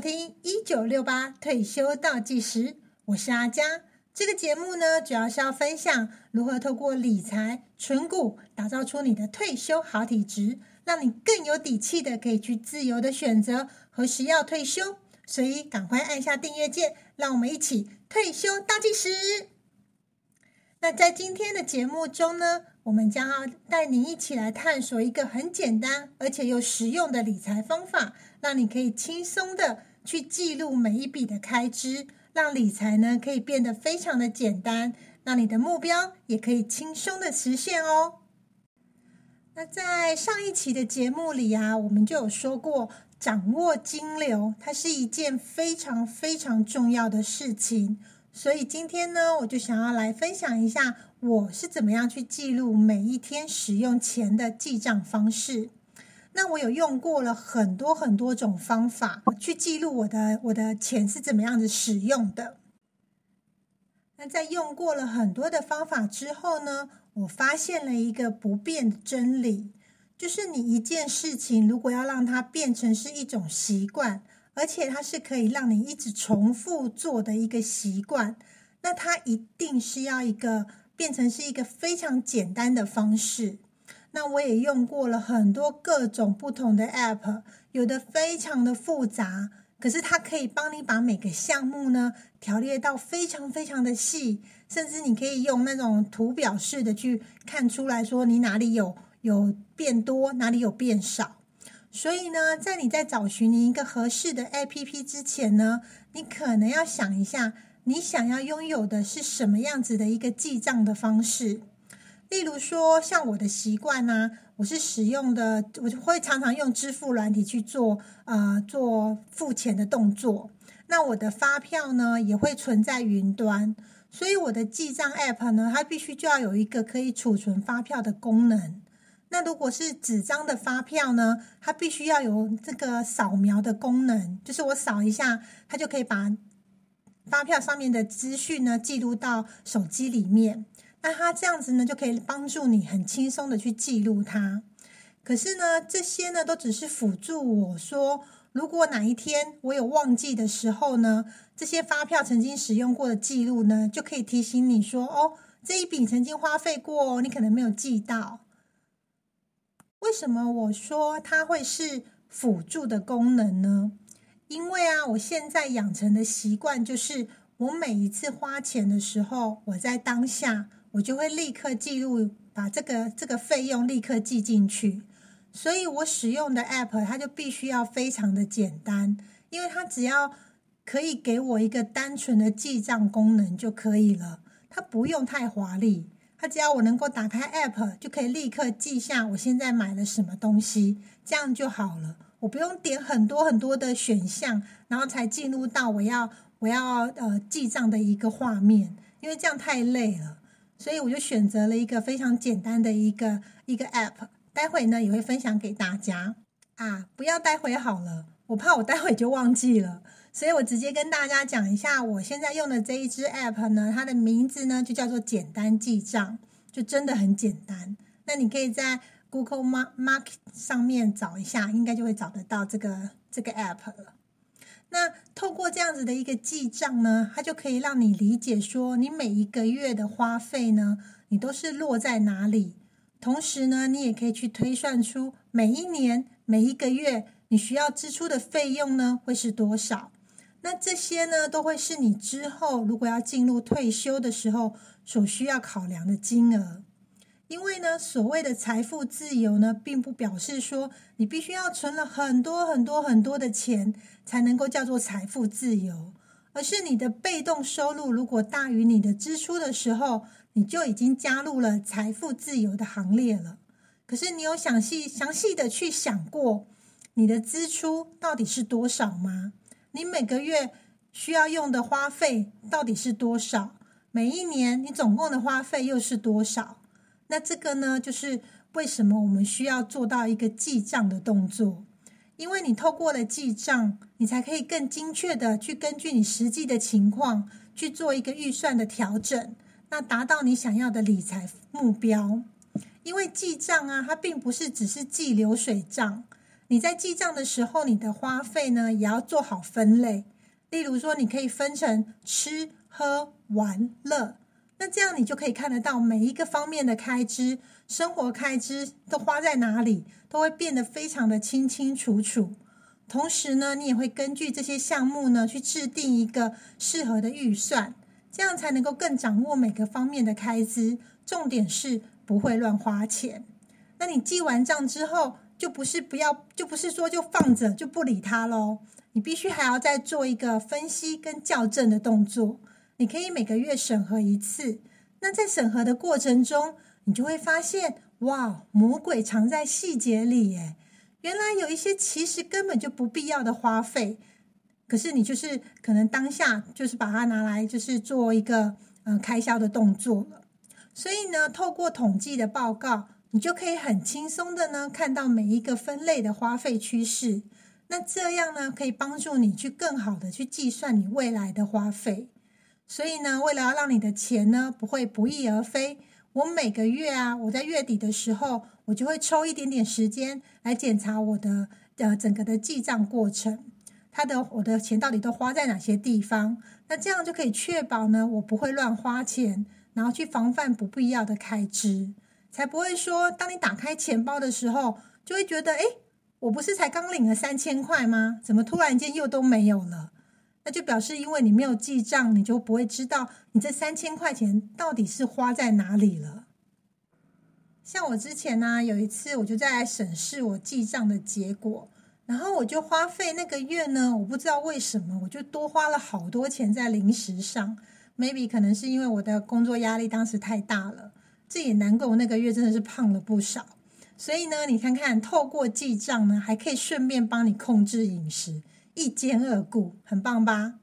聽一九六八退休倒計時，我是阿佳。這個節目呢，主要是要分享如何透過理財存股，打造出你的退休好體質，讓你更有底氣的可以去自由的選擇何時要退休。所以趕快按下訂閱鍵，讓我們一起退休倒計時。那在今天的節目中呢，我們將要帶你一起來探索一個很簡單而且又實用的理財方法，讓你可以輕鬆的。去記錄每一筆的開支，讓理財呢可以變得非常的簡單，讓你的目標也可以輕鬆的實現哦。那在上一期的節目裡啊，我們就有說過，掌握金流它是一件非常非常重要的事情，所以今天呢，我就想要來分享一下我是怎麼樣去記錄每一天使用錢的記賬方式。那我有用過了很多很多種方法去記錄我的我的錢是怎麼樣子使用的。那在用過了很多的方法之後呢，我發現了一個不變的真理，就是你一件事情如果要讓它變成是一種習慣，而且它是可以讓你一直重複做的一個習慣，那它一定是要一個變成是一個非常簡單的方式。那我也用過了很多各種不同的 App，有的非常的複雜，可是它可以幫你把每個項目呢條列到非常非常的細，甚至你可以用那種圖表式的去看出來說你哪裡有有變多，哪裡有變少。所以呢，在你在找尋你一個合適的 APP 之前呢，你可能要想一下，你想要擁有的是什麼樣子的一個記賬的方式。例如說，像我的習慣呢，啊，我是使用的，我就會常常用支付軟體去做，呃，做付錢的動作。那我的發票呢，也會存在雲端，所以我的記賬 App 呢，它必須就要有一個可以儲存發票的功能。那如果是紙張的發票呢，它必須要有這個掃描的功能，就是我掃一下，它就可以把發票上面的資訊呢記錄到手機裡面。那它這樣子呢，就可以幫助你很輕鬆的去記錄它。可是呢，這些呢都只是輔助。我說，如果哪一天我有忘記的時候呢，這些發票曾經使用過的記錄呢，就可以提醒你說：“哦，這一筆曾經花費過哦，你可能沒有記到。”為什麼我說它會是輔助的功能呢？因為啊，我現在養成的習慣就是，我每一次花錢的時候，我在當下。我就會立刻記錄，把這個這個費用立刻記進去。所以，我使用的 app 它就必須要非常的簡單，因為它只要可以給我一個單純的記賬功能就可以了。它不用太華麗，它只要我能夠打開 app 就可以立刻記下我現在買了什麼東西，這樣就好了。我不用點很多很多的選項，然後才進入到我要我要呃記賬的一個畫面，因為這樣太累了。所以我就選擇了一個非常簡單的一個一個 app，待會呢也會分享給大家啊。不要待會好了，我怕我待會就忘記了，所以我直接跟大家講一下，我現在用的這一支 app 呢，它的名字呢就叫做“簡單記賬”，就真的很簡單。那你可以在 Google Ma Market 上面找一下，應該就會找得到這個這個 app 了。那透過這樣子的一個記賬呢，它就可以讓你理解說，你每一個月的花費呢，你都是落在哪裡。同時呢，你也可以去推算出每一年、每一個月你需要支出的費用呢，會是多少。那這些呢，都會是你之後如果要進入退休的時候所需要考量的金額。因為呢，所謂的財富自由呢，並不表示說你必須要存了很多很多很多的錢才能夠叫做財富自由，而是你的被動收入如果大於你的支出的時候，你就已經加入了財富自由的行列了。可是你有詳細詳細的去想過你的支出到底是多少嗎？你每個月需要用的花費到底是多少？每一年你總共的花費又是多少？那這個呢，就是為什麼我們需要做到一個記賬的動作。因為你透過了記賬，你才可以更精確的去根據你實際的情況去做一個預算的調整，那達到你想要的理財目標。因為記賬啊，它並不是只是記流水賬。你在記賬的時候，你的花費呢，也要做好分類。例如說，你可以分成吃喝玩樂。那這樣你就可以看得到每一個方面的開支，生活開支都花在哪裡，都會變得非常的清清楚楚。同時呢，你也會根據這些項目呢，去制定一個適合的預算，這樣才能夠更掌握每個方面的開支。重點是不會亂花錢。那你記完賬之後，就不是不要，就不是說就放着就不理它嘍。你必須還要再做一個分析跟校正的動作。你可以每個月審核一次。那在審核的過程中，你就會發現，哇，魔鬼藏在細節裡耶！原來有一些其實根本就不必要的花費，可是你就是可能當下就是把它拿來就是做一個嗯、呃、開銷的動作了。所以呢，透過統計的報告，你就可以很輕鬆的呢看到每一個分類的花費趨勢。那這樣呢，可以幫助你去更好的去計算你未來的花費。所以呢，為了要讓你的錢呢不會不翼而飛，我每個月啊，我在月底的時候，我就會抽一點點時間來檢查我的呃整個的記賬過程，他的我的錢到底都花在哪些地方？那這樣就可以確保呢，我不會亂花錢，然後去防範不必要的開支，才不會說，當你打開錢包的時候，就會覺得，哎，我不是才剛領了三千塊嗎？怎麼突然間又都沒有了？那就表示，因為你沒有記賬，你就不會知道你這三千塊錢到底是花在哪裡了。像我之前呢、啊，有一次我就在來審視我記賬的結果，然後我就花費那個月呢，我不知道為什麼我就多花了好多錢在零食上，maybe 可能是因為我的工作壓力當時太大了，這也難怪我那個月真的是胖了不少。所以呢，你看看透過記賬呢，還可以順便幫你控制飲食。一兼二顧，很棒吧？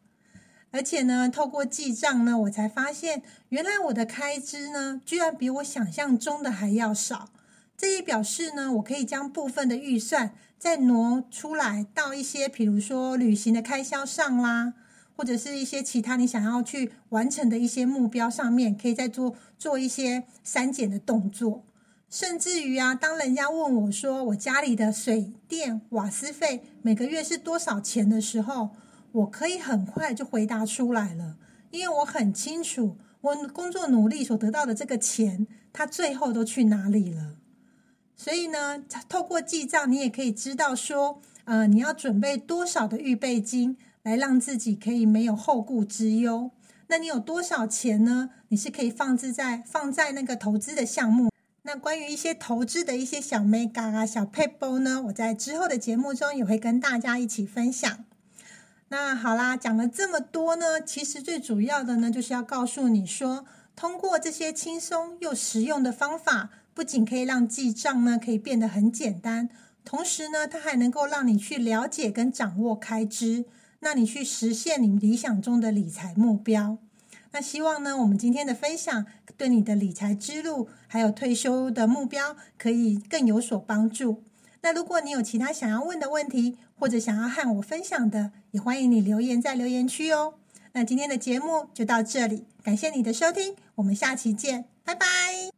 而且呢，透過記賬呢，我才發現原來我的開支呢，居然比我想象中的還要少。這也表示呢，我可以將部分的預算再挪出來到一些，比如說旅行的開銷上啦，或者是一些其他你想要去完成的一些目標上面，可以再做做一些刪減的動作。甚至於啊，當人家問我說我家裡的水電、瓦斯費每個月是多少錢的時候，我可以很快就回答出來了，因為我很清楚我工作努力所得到的這個錢，它最後都去哪裡了。所以呢，透過記賬，你也可以知道說，呃，你要準備多少的預備金來讓自己可以沒有後顧之憂。那你有多少錢呢？你是可以放置在放在那個投資的項目。那關於一些投資的一些小 mega 啊、小 paper 呢，我在之後的節目中也會跟大家一起分享。那好啦，講了這麼多呢，其實最主要的呢，就是要告訴你說，通過這些輕鬆又實用的方法，不僅可以讓記賬呢可以變得很簡單，同時呢，它還能夠讓你去了解跟掌握開支，讓你去實現你理想中的理財目標。那希望呢，我們今天的分享對你的理財之路，還有退休的目標，可以更有所幫助。那如果你有其他想要問的問題，或者想要和我分享的，也歡迎你留言在留言區哦。那今天的節目就到這裡，感謝你的收聽，我們下期見，拜拜。